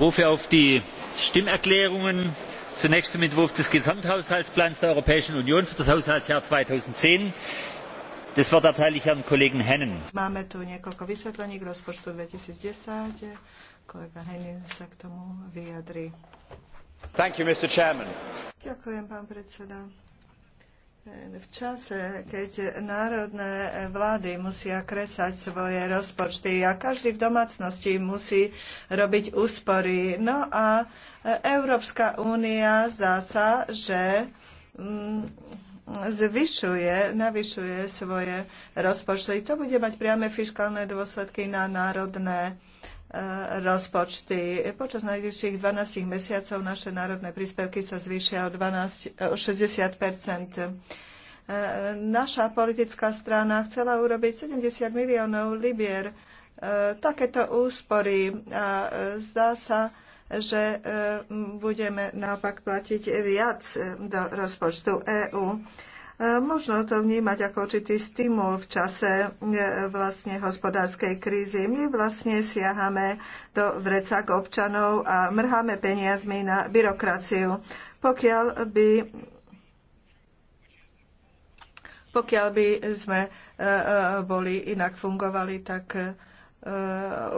rufe auf die stimmerklärungen zunächst zum entwurf des gesamthaushaltsplans der europäischen union für das haushaltsjahr zweitausendzehn das wort erteile ich herrn kollegen hannan v čase, keď národné vlády musia kresať svoje rozpočty a každý v domácnosti musí robiť úspory. No a Európska únia zdá sa, že mm, zvyšuje, navyšuje svoje rozpočty. To bude mať priame fiskálne dôsledky na národné rozpočty. Počas najbližších 12 mesiacov naše národné príspevky sa zvýšia o, 12, o 60 e, Naša politická strana chcela urobiť 70 miliónov libier e, takéto úspory a e, zdá sa, že budeme naopak platiť viac do rozpočtu EÚ. E, možno to vnímať ako určitý stimul v čase e, vlastne hospodárskej krízy. My vlastne siahame do k občanov a mrháme peniazmi na byrokraciu. Pokiaľ by pokiaľ by sme e, boli inak fungovali, tak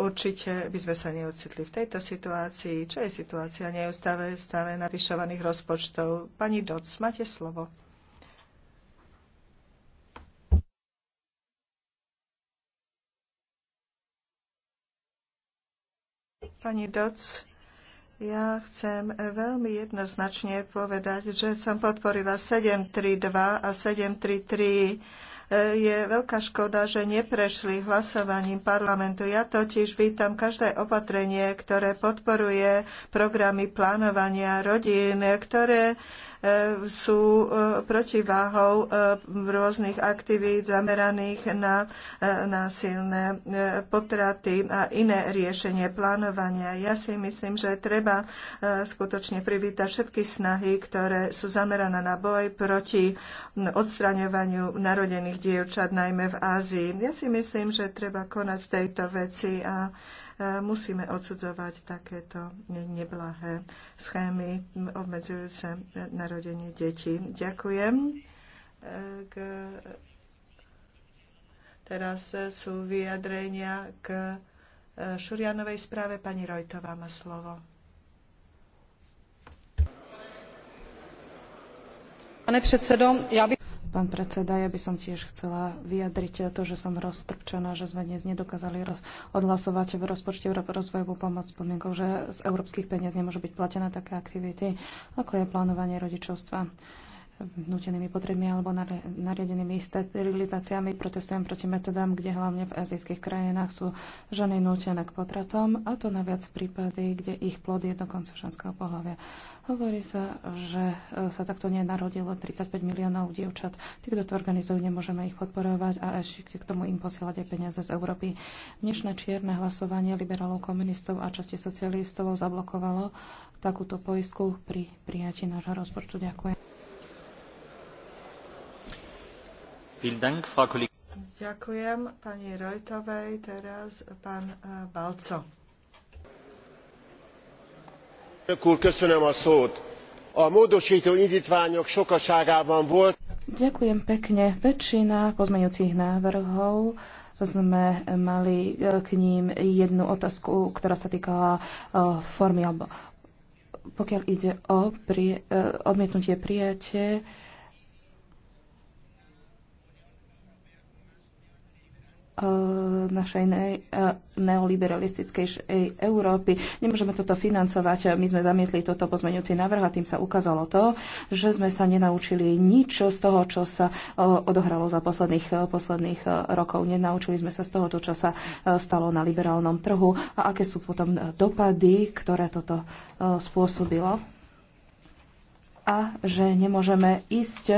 určite by sme sa neocitli v tejto situácii, čo je situácia neustále stále navyšovaných rozpočtov. Pani Doc, máte slovo. Pani Doc, ja chcem veľmi jednoznačne povedať, že som podporila 732 a 733. E, je veľká škoda, že neprešli hlasovaním parlamentu. Ja totiž vítam každé opatrenie, ktoré podporuje programy plánovania rodín, ktoré sú e, protiváhou e, rôznych aktivít zameraných na e, násilné potraty a iné riešenie plánovania. Ja si myslím, že treba skutočne privítať všetky snahy, ktoré sú zamerané na boj proti odstraňovaniu narodených dievčat, najmä v Ázii. Ja si myslím, že treba konať v tejto veci a E, musíme odsudzovať takéto neblahé schémy obmedzujúce narodenie detí. Ďakujem. E, k... Teraz sú vyjadrenia k e, Šurianovej správe. Pani Rojtová má slovo. Pane předsedo, já bych pán predseda. Ja by som tiež chcela vyjadriť to, že som roztrpčená, že sme dnes nedokázali roz- odhlasovať v rozpočte rozvojovú pomoc podmienkou, že z európskych peniaz nemôžu byť platené také aktivity, ako je plánovanie rodičovstva nutenými potrebmi alebo nariadenými sterilizáciami. Protestujem proti metodám, kde hlavne v azijských krajinách sú ženy nutené k potratom a to naviac v prípady, kde ich plod je dokonca ženského pohľavia. Hovorí sa, že e, sa takto nenarodilo 35 miliónov dievčat. Tí, kto to organizujú, nemôžeme ich podporovať a ešte k tomu im posielať aj peniaze z Európy. Dnešné čierne hlasovanie liberálov, komunistov a časti socialistov zablokovalo takúto poisku pri prijatí nášho rozpočtu. Ďakujem. Ďakujem pani Rojtovej, teraz pán eh, Balco. A módosító indítványok sokaságában volt. Ďakujem pekne. Väčšina pozmeňujúcich návrhov sme mali eh, k ním jednu otázku, ktorá sa týkala eh, formy alebo pokiaľ ide o prie, odmietnutie prijatie, E, našej ne, e, neoliberalistickej e, Európy. Nemôžeme toto financovať. My sme zamietli toto pozmeňujúci návrh a tým sa ukázalo to, že sme sa nenaučili nič z toho, čo sa odohralo za posledných, posledných rokov. Nenaučili sme sa z toho, čo sa stalo na liberálnom trhu a aké sú potom dopady, ktoré toto spôsobilo a že nemôžeme ísť e,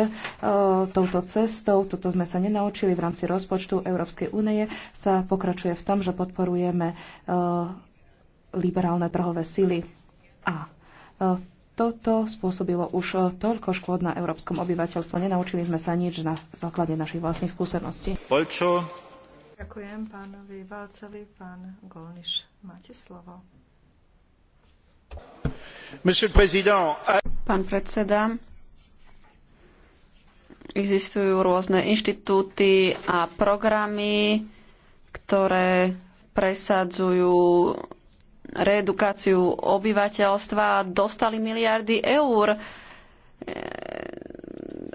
touto cestou. Toto sme sa nenaučili v rámci rozpočtu Európskej únie. Sa pokračuje v tom, že podporujeme e, liberálne trhové sily. A e, toto spôsobilo už toľko škôd na európskom obyvateľstve. Nenaučili sme sa nič na základe našich vlastných skúseností. Poľčo. Ďakujem pánovi Valcovi. Pán Golniš, máte slovo. Monsieur le Président, Pán predseda, existujú rôzne inštitúty a programy, ktoré presadzujú reedukáciu obyvateľstva a dostali miliardy eur e,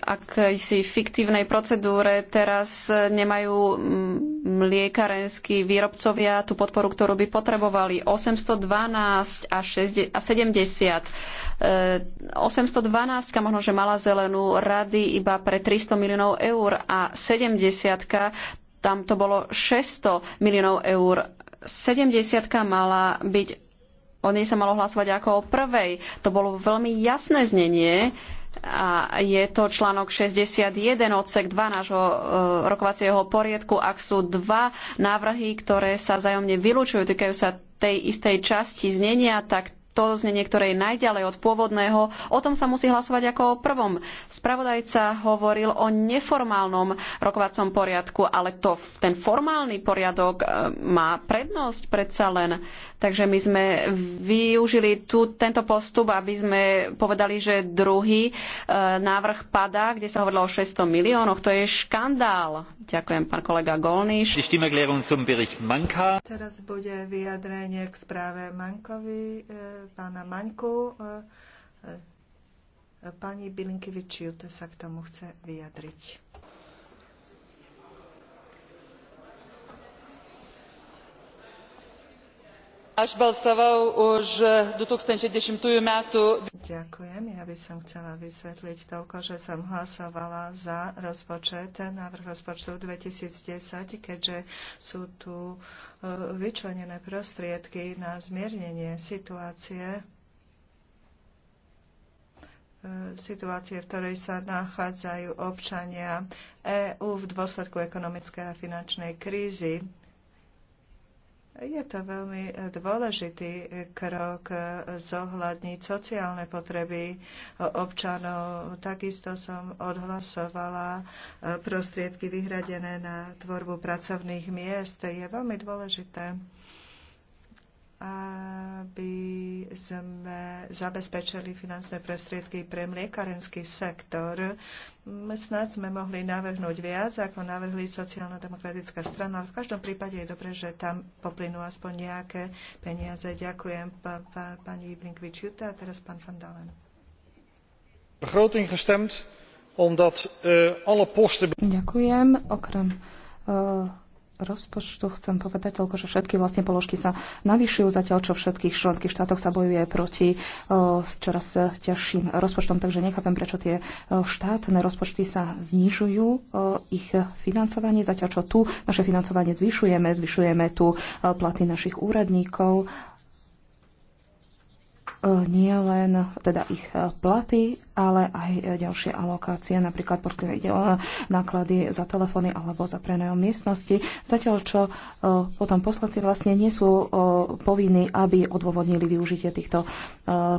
akejsi fiktívnej procedúre. Teraz nemajú mliekarenskí výrobcovia tú podporu, ktorú by potrebovali. 812 a, 60, a 70. 812 e, možno, že mala zelenú rady iba pre 300 miliónov eur a 70 tam to bolo 600 miliónov eur. 70 mala byť, o nej sa malo hlasovať ako o prvej. To bolo veľmi jasné znenie a je to článok 61 odsek 2 nášho e, rokovacieho poriadku. Ak sú dva návrhy, ktoré sa vzájomne vylúčujú, týkajú sa tej istej časti znenia, tak to znenie, ktoré je najďalej od pôvodného, o tom sa musí hlasovať ako o prvom. Spravodajca hovoril o neformálnom rokovacom poriadku, ale to, ten formálny poriadok e, má prednosť predsa len. Takže my sme využili tu, tento postup, aby sme povedali, že druhý e, návrh padá, kde sa hovorilo o 600 miliónoch. To je škandál. Ďakujem, pán kolega Golniš. Teraz bude vyjadrenie k správe Mankovi. E pána Maňku. E, e, pani Bilinkevič Bilinkevičiute sa k tomu chce vyjadriť. Aš balsavau už 2010 metų Ďakujem. Ja by som chcela vysvetliť toľko, že som hlasovala za rozpočet, návrh rozpočtu 2010, keďže sú tu e, vyčlenené prostriedky na zmiernenie situácie e, situácie, v ktorej sa nachádzajú občania EÚ v dôsledku ekonomickej a finančnej krízy. Je to veľmi e, dôležitý e, krok e, zohľadniť sociálne potreby občanov. Takisto som odhlasovala prostriedky vyhradené na tvorbu pracovných miest. Je veľmi dôležité aby sme zabezpečili finančné prostriedky pre mliekarenský sektor. Snad sme mohli navrhnúť viac, ako navrhli sociálno-demokratická strana, ale v každom prípade je dobré, že tam poplynú aspoň nejaké peniaze. Ďakujem pa, pa, pani Blinkvičiuta a teraz pán Van Dalen. Begroting gestemd, omdat uh, alle posten... Ďakujem, okrem uh, rozpočtu chcem povedať toľko, že všetky vlastne položky sa navyšujú, zatiaľ čo všetkých členských štátoch sa bojuje proti e, s čoraz ťažším rozpočtom, takže nechápem, prečo tie e, štátne rozpočty sa znižujú, e, ich financovanie, zatiaľ čo tu naše financovanie zvyšujeme, zvyšujeme tu platy našich úradníkov nie len teda ich e, platy, ale aj e, ďalšie alokácie, napríklad pokiaľ ide o e, náklady za telefóny alebo za prenajom miestnosti, zatiaľ čo potom poslanci vlastne nie sú povinní, aby odôvodnili využitie týchto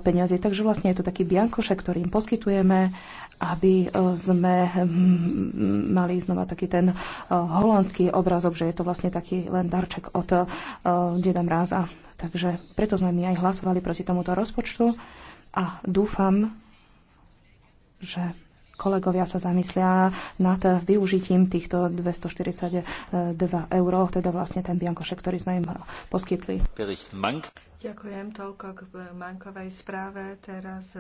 peňazí. Takže vlastne je to taký biankošek, ktorý im poskytujeme, aby sme hm, mali znova taký ten holandský obrazok, že je to vlastne taký len darček od Deda Mráza Takže preto sme my aj hlasovali proti tomuto rozpočtu a dúfam, že kolegovia sa zamyslia nad využitím týchto 242 eur, teda vlastne ten biankošek, ktorý sme im poskytli. Ďakujem toľko k Mankovej správe. Teraz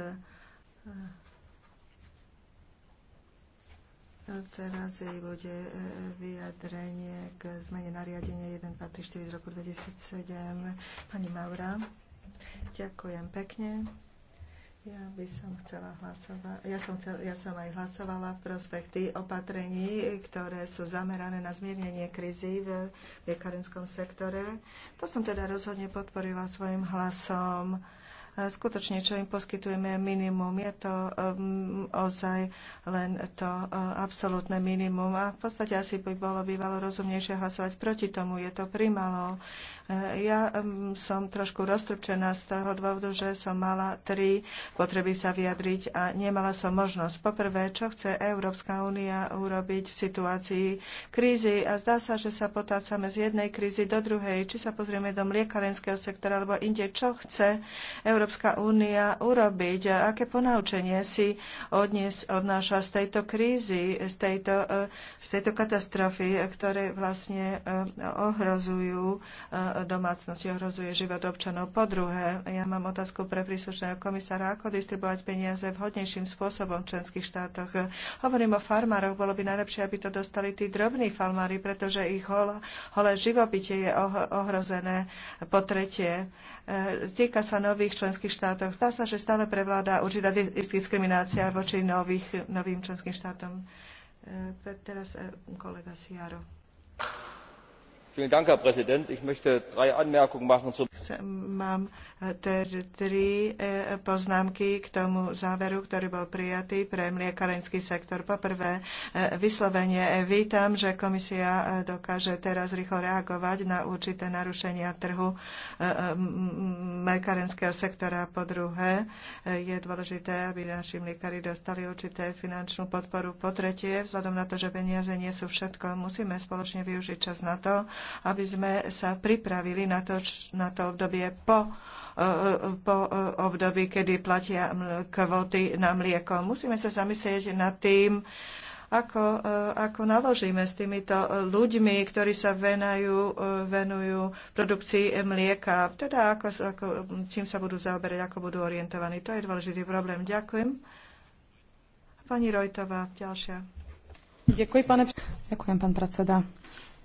Teraz jej bude e, vyjadrenie k zmene nariadenia 1234 z roku 2007. Pani Maura, ďakujem pekne. Ja by som chcela hlasovať, ja som, chcel, ja som aj hlasovala v prospekty opatrení, ktoré sú zamerané na zmiernenie krízy v liekarenskom sektore. To som teda rozhodne podporila svojim hlasom skutočne, čo im poskytujeme minimum, je to um, ozaj len to uh, absolútne minimum. A v podstate asi by bolo bývalo rozumnejšie hlasovať proti tomu. Je to primalo. E, ja um, som trošku roztrpčená z toho dôvodu, že som mala tri potreby sa vyjadriť a nemala som možnosť. Poprvé, čo chce Európska únia urobiť v situácii krízy a zdá sa, že sa potácame z jednej krízy do druhej. Či sa pozrieme do mliekarenského sektora alebo inde, čo chce Európska Európska únia urobiť a aké ponaučenie si odnies, odnáša z tejto krízy, z tejto, e, z tejto katastrofy, ktoré vlastne e, ohrozujú e, domácnosti, ohrozuje život občanov. Po druhé, ja mám otázku pre príslušného komisára, ako distribuovať peniaze vhodnejším spôsobom v členských štátoch. Hovorím o farmároch, bolo by najlepšie, aby to dostali tí drobní farmári, pretože ich hol, holé živobytie je ohrozené. Po tretie, týka sa nových členských členských štátoch. Zdá sa, že stále prevláda určitá diskriminácia voči nových, novým členským štátom. E, teraz e, kolega Siaro herr präsident! ich möchte drei anmerkungen machen. mám eh, tri eh, poznámky k tomu záveru ktorý bol prijatý pre mliekarenský sektor. po prvé eh, vyslovene vítam že komisia dokáže teraz rýchlo reagovať na určité narušenia trhu mliekarenského sektora. po druhé je dôležité aby naši mliekari dostali určité finančnú podporu. po tretie vzhľadom na to že peniaze nie sú všetko musíme spoločne využiť čas na to aby sme sa pripravili na to, na to obdobie po, e, e, po e, období, kedy platia kvóty na mlieko. Musíme sa zamyslieť nad tým, ako, ako naložíme s týmito ľuďmi, ktorí sa venajú, venujú produkcii mlieka, teda ako, ako, čím sa budú zaoberať, ako budú orientovaní. To je dôležitý problém. Ďakujem. Pani Rojtová, ďalšia. Ďakujem, pane... Ďakujem, pán predseda.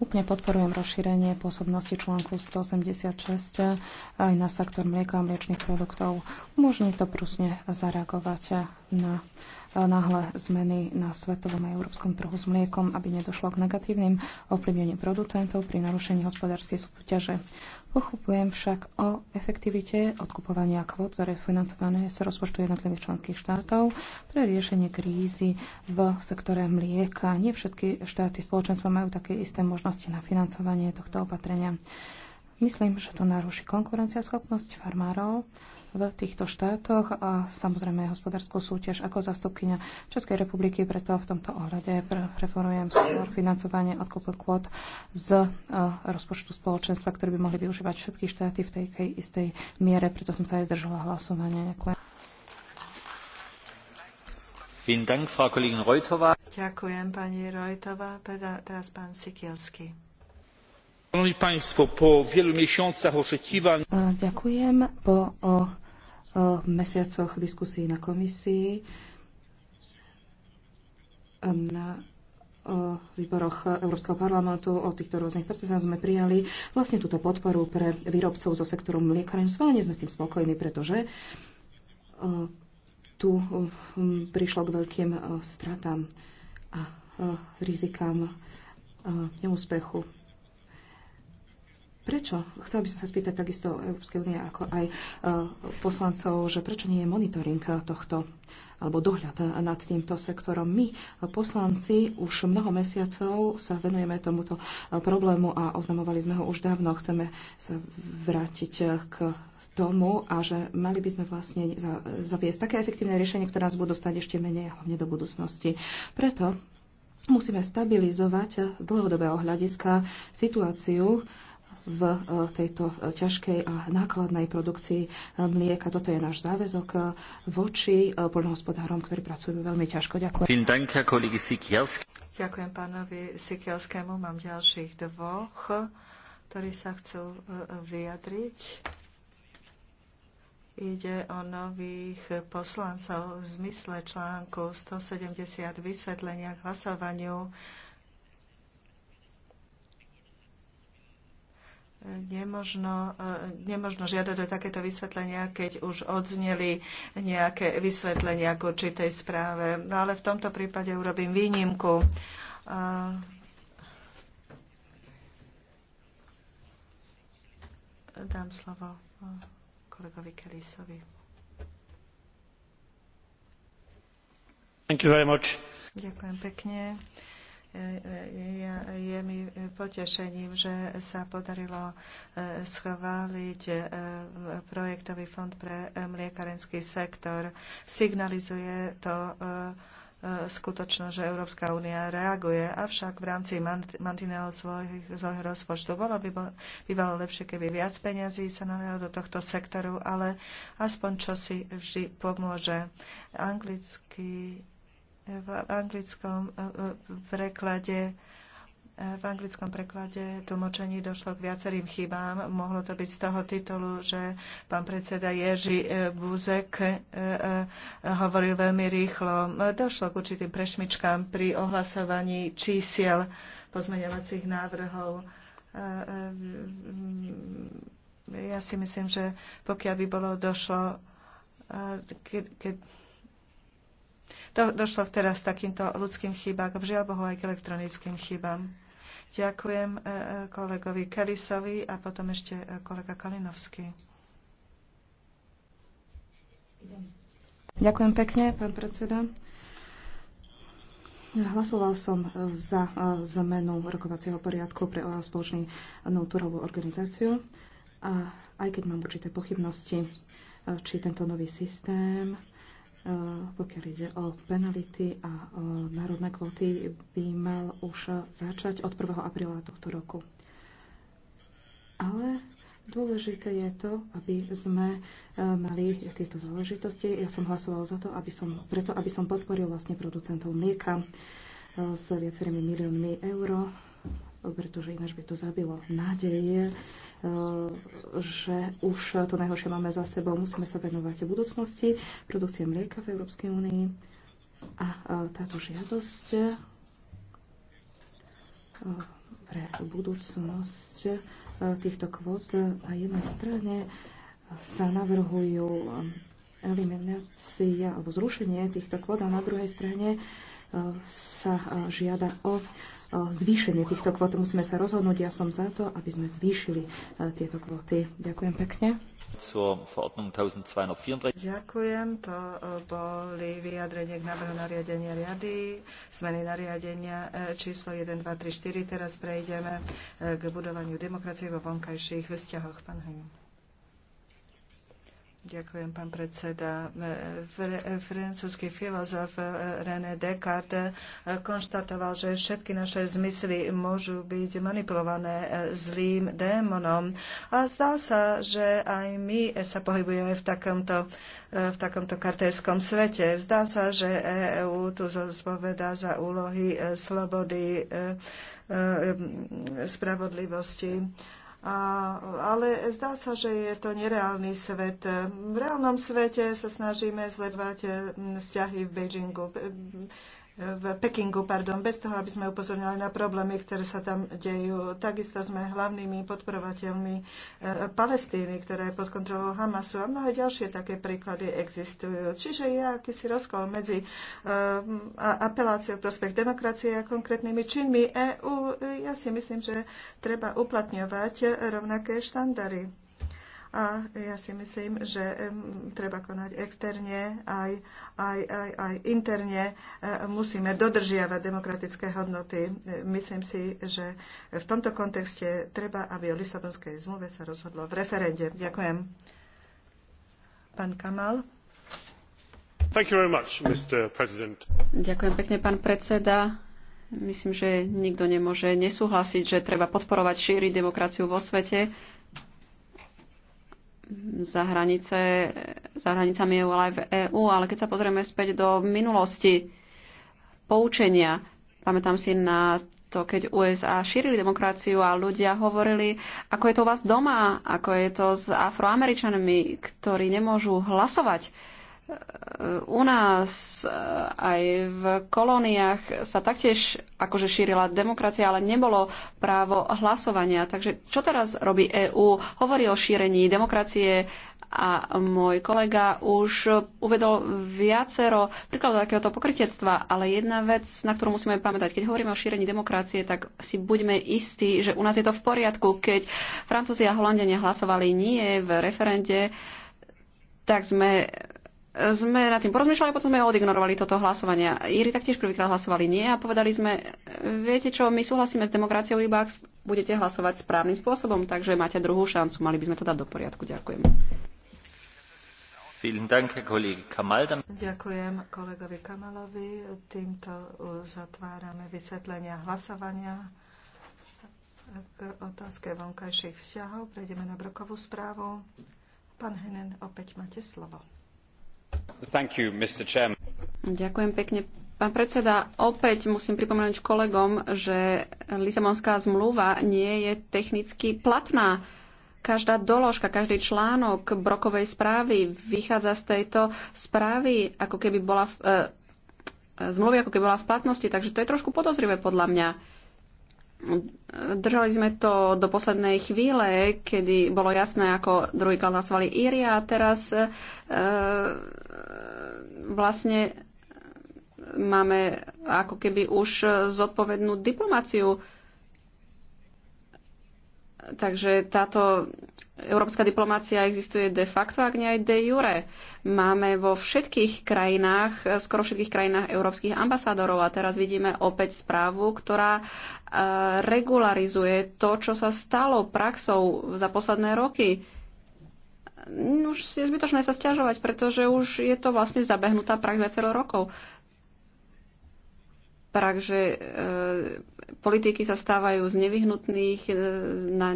Úplne podporujem rozšírenie pôsobnosti článku 186 aj na sektor mlieka a mliečných produktov. Umožní to prúsne zareagovať na náhle zmeny na svetovom a európskom trhu s mliekom, aby nedošlo k negatívnym ovplyvneniu producentov pri narušení hospodárskej súťaže. Pochopujem však o efektivite odkupovania kvót, ktoré financované z rozpočtu jednotlivých členských štátov pre riešenie krízy v sektore mlieka. Nie všetky štáty spoločenstva majú také isté možnosti na financovanie tohto opatrenia. Myslím, že to naruší konkurenciaschopnosť farmárov v týchto štátoch a samozrejme hospodárskú súťaž ako zastupkynia Českej republiky. Preto v tomto ohľade preferujem skôr financovanie odkupu kvót z e, rozpočtu spoločenstva, ktoré by mohli využívať všetky štáty v tej istej miere. Preto som sa aj zdržala hlasovania. Ďakujem. Ďakujem pani Rojtová. Teraz pán Sikielský. E, ďakujem. Po mesiacoch diskusí na komisii, um, na výboroch Európskeho parlamentu o týchto rôznych procesách sme prijali vlastne túto podporu pre výrobcov zo sektoru mliekarstva. Nie sme s tým spokojní, pretože tu um, prišlo k veľkým stratám a rizikám neúspechu Prečo? Chcela by som sa spýtať takisto Európskej únie ako aj eh, poslancov, že prečo nie je monitoring eh, tohto alebo dohľad nad týmto sektorom. My, eh, poslanci, už mnoho mesiacov sa venujeme tomuto problému a oznamovali sme ho už dávno. Chceme sa vrátiť k tomu a že mali by sme vlastne zaviesť také efektívne riešenie, ktoré nás budú stať ešte menej, hlavne do budúcnosti. Preto musíme stabilizovať z dlhodobého hľadiska situáciu v e, tejto e, ťažkej a nákladnej produkcii e, mlieka. Toto je náš záväzok voči poľnohospodárom, ktorí pracujú veľmi ťažko. Ďakujem. Ďakujem pánovi Sikielskému. Mám ďalších dvoch, ktorí sa chcú vyjadriť. Ide o nových poslancov v zmysle článku 170 vysvetlenia k hlasovaniu Nemožno, e, nemožno žiadať o takéto vysvetlenia, keď už odzneli nejaké vysvetlenia k určitej správe. No ale v tomto prípade urobím výnimku. E, dám slovo e, kolegovi Kelisovi. Ďakujem pekne je mi potešením, že sa podarilo e, schváliť e, projektový fond pre e, mliekarenský sektor. Signalizuje to skutočnosť, že Európska únia reaguje, avšak v rámci mantinelov svojich, svojho rozpočtu bolo by bývalo lepšie, keby viac peňazí sa nalialo do tohto sektoru, ale aspoň čo si vždy pomôže. Anglický v anglickom e, e, preklade e, v anglickom preklade tlmočení došlo k viacerým chybám. Mohlo to byť z toho titulu, že pán predseda Ježi Buzek hovoril veľmi rýchlo. Došlo k určitým prešmičkám pri ohlasovaní čísiel pozmeňovacích návrhov ja si myslím, že pokiaľ by bolo došlo, keď, keď do, došlo teraz takýmto ľudským chybám, žiaľ Bohu aj k elektronickým chybám. Ďakujem e, e, kolegovi Kelisovi a potom ešte e, kolega Kalinovský. Ďakujem pekne, pán predseda. Hlasoval som za zmenu rokovacieho poriadku pre spoločnú túrovú organizáciu. A aj keď mám určité pochybnosti, či tento nový systém pokiaľ ide o penality a národné kvóty, by mal už začať od 1. apríla tohto roku. Ale dôležité je to, aby sme e, mali tieto záležitosti. Ja som hlasoval za to, aby som, preto, aby som podporil vlastne producentov mlieka e, s viacerými miliónmi eur pretože ináč by to zabilo nádej, eh, že už to najhoršie máme za sebou. Musíme sa venovať v budúcnosti, produkcie mlieka v Európskej únii. A eh, táto žiadosť eh, pre budúcnosť týchto kvót na jednej strane sa navrhujú eliminácia alebo zrušenie týchto kvót a na druhej strane sa žiada o zvýšenie týchto kvót. Musíme sa rozhodnúť, ja som za to, aby sme zvýšili e, tieto kvóty. Ďakujem pekne. Ďakujem, to e, boli vyjadrenie k návrhu nariadenia riady, zmeny nariadenia e, číslo 1, 2, 3, 4. Teraz prejdeme k budovaniu demokracie vo vonkajších vzťahoch. Pán Hajm. Ďakujem, pán predseda. E, e, francúzsky filozof e, René Descartes konštatoval, že všetky naše zmysly môžu byť manipulované zlým démonom. A zdá sa, že aj my sa pohybujeme v takomto v takomto kartéskom svete. Zdá sa, že EÚ tu zodpovedá za úlohy slobody, spravodlivosti a, ale zdá sa, že je to nereálny svet. V reálnom svete sa snažíme zlepšovať mm, vzťahy v Beijingu v Pekingu, pardon, bez toho, aby sme upozorňovali na problémy, ktoré sa tam dejú. Takisto sme hlavnými podporovateľmi e, Palestíny, ktorá je pod kontrolou Hamasu a mnohé ďalšie také príklady existujú. Čiže je akýsi rozkol medzi e, apeláciou prospech demokracie a konkrétnymi činmi EÚ. Ja si myslím, že treba uplatňovať rovnaké štandardy a ja si myslím, že treba konať externe aj, aj, aj, aj interne. E, musíme dodržiavať demokratické hodnoty. E, myslím si, že v tomto kontexte treba, aby o Lisabonskej zmluve sa rozhodlo v referende. Ďakujem. Pán Kamal. Much, Ďakujem pekne, pán predseda. Myslím, že nikto nemôže nesúhlasiť, že treba podporovať šíriť demokraciu vo svete za, hranice, za hranicami EU, ale aj v EÚ. Ale keď sa pozrieme späť do minulosti, poučenia, pamätám si na to, keď USA šírili demokraciu a ľudia hovorili, ako je to u vás doma, ako je to s afroameričanmi, ktorí nemôžu hlasovať u nás e, aj v kolóniách sa taktiež akože šírila demokracia, ale nebolo právo hlasovania. Takže čo teraz robí EÚ? Hovorí o šírení demokracie a môj kolega už uvedol viacero príkladov takéhoto pokrytectva, ale jedna vec, na ktorú musíme pamätať, keď hovoríme o šírení demokracie, tak si buďme istí, že u nás je to v poriadku. Keď Francúzi a Holandia hlasovali nie v referende, tak sme sme nad tým porozmýšľali, potom sme odignorovali toto hlasovanie. Iri taktiež prvýkrát hlasovali nie a povedali sme, viete čo, my súhlasíme s demokraciou iba ak budete hlasovať správnym spôsobom, takže máte druhú šancu, mali by sme to dať do poriadku. Ďakujem. Ďakujem kolegovi Kamalovi. Týmto uh, zatvárame vysvetlenia hlasovania k otázke vonkajších vzťahov. Prejdeme na brokovú správu. Pán Henen, opäť máte slovo. Ďakujem pekne. Pán predseda, opäť musím pripomenúť kolegom, že Lisabonská zmluva nie je technicky platná. Každá doložka, každý článok brokovej správy vychádza z tejto správy, ako keby bola v, e, zmluvy ako keby bola v platnosti, takže to je trošku podozrivé podľa mňa Držali sme to do poslednej chvíle, kedy bolo jasné, ako druhý druhýkrát hlasovali Íria a teraz e, vlastne máme ako keby už zodpovednú diplomáciu. E, Takže táto európska diplomácia existuje de facto, ak nie aj de jure. Máme vo všetkých krajinách, skoro všetkých krajinách európskych ambasádorov a teraz vidíme opäť správu, ktorá e, regularizuje to, čo sa stalo praxou za posledné roky. No, už je zbytočné sa stiažovať, pretože už je to vlastne zabehnutá prax viacero rokov že e, politiky sa stávajú z nevyhnutných, e, na,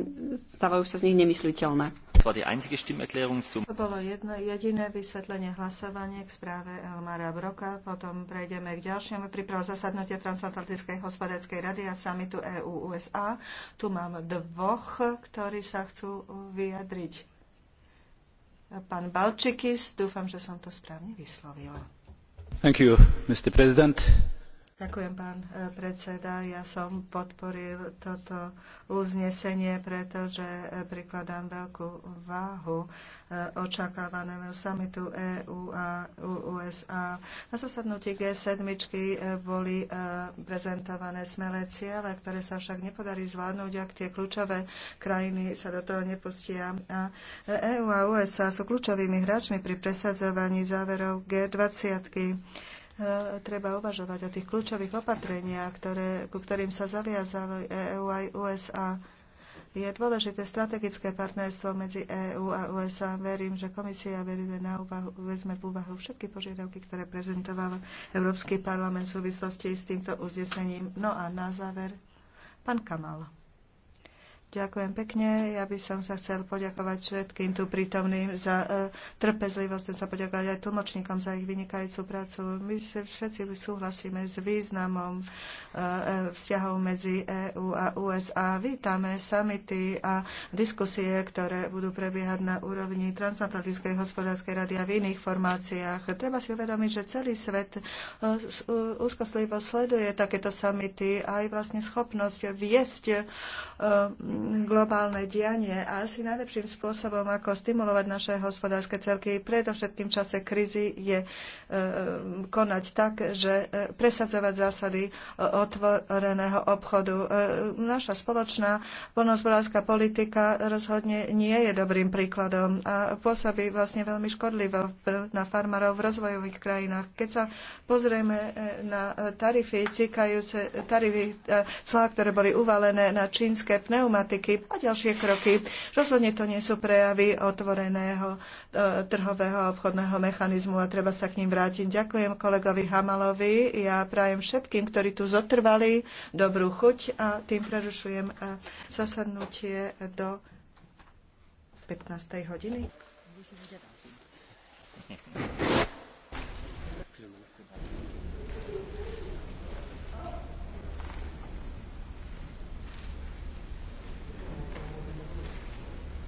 stávajú sa z nich nemysliteľné. To bolo jedno jediné vysvetlenie hlasovanie k správe Elmara Broka. Potom prejdeme k ďalšiemu prípravu zasadnutie Transatlantickej hospodárskej rady a samitu EU-USA. Tu mám dvoch, ktorí sa chcú vyjadriť. Pán Balčikis, dúfam, že som to správne vyslovila. Thank you, Mr. President. Ďakujem, pán e, predseda. Ja som podporil toto uznesenie, pretože e, prikladám veľkú váhu e, očakávanému samitu EU a USA. Na zasadnutí G7 boli prezentované smelé ciele, ktoré sa však nepodarí zvládnuť, ak tie kľúčové krajiny sa do toho nepustia. A EU a USA sú kľúčovými hráčmi pri presadzovaní záverov G20. -ky. E, treba uvažovať o tých kľúčových opatreniach, ktoré, ku ktorým sa zaviazalo EU aj USA. Je dôležité strategické partnerstvo medzi EÚ a USA. Verím, že komisia veríme na úvahu, vezme v úvahu všetky požiadavky, ktoré prezentoval Európsky parlament v súvislosti s týmto uznesením. No a na záver, pán Kamal. Ďakujem pekne. Ja by som sa chcel poďakovať všetkým tu prítomným za uh, trpezlivosť. Chcem sa poďakovať aj tlmočníkom za ich vynikajúcu prácu. My všetci súhlasíme s významom uh, vzťahov medzi EÚ a USA. Vítame samity a diskusie, ktoré budú prebiehať na úrovni Transatlantickej hospodárskej rady a v iných formáciách. Treba si uvedomiť, že celý svet uh, úzkostlivo sleduje takéto samity a aj vlastne schopnosť viesť uh, globálne dianie a asi najlepším spôsobom, ako stimulovať naše hospodárske celky, predovšetkým v čase krízy, je e, e, konať tak, že e, presadzovať zásady otvoreného obchodu. Naša spoločná polnohospodárska politika rozhodne nie je dobrým príkladom a pôsobí vlastne veľmi škodlivo na farmárov v rozvojových krajinách. Keď sa pozrieme na tarify, cikajúce tarify clá, ktoré boli uvalené na čínske pneumatiky, problematiky a ďalšie kroky. Rozhodne to nie sú prejavy otvoreného e, trhového obchodného mechanizmu a treba sa k ním vrátiť. Ďakujem kolegovi Hamalovi. Ja prajem všetkým, ktorí tu zotrvali, dobrú chuť a tým prerušujem e, zasadnutie do 15. hodiny.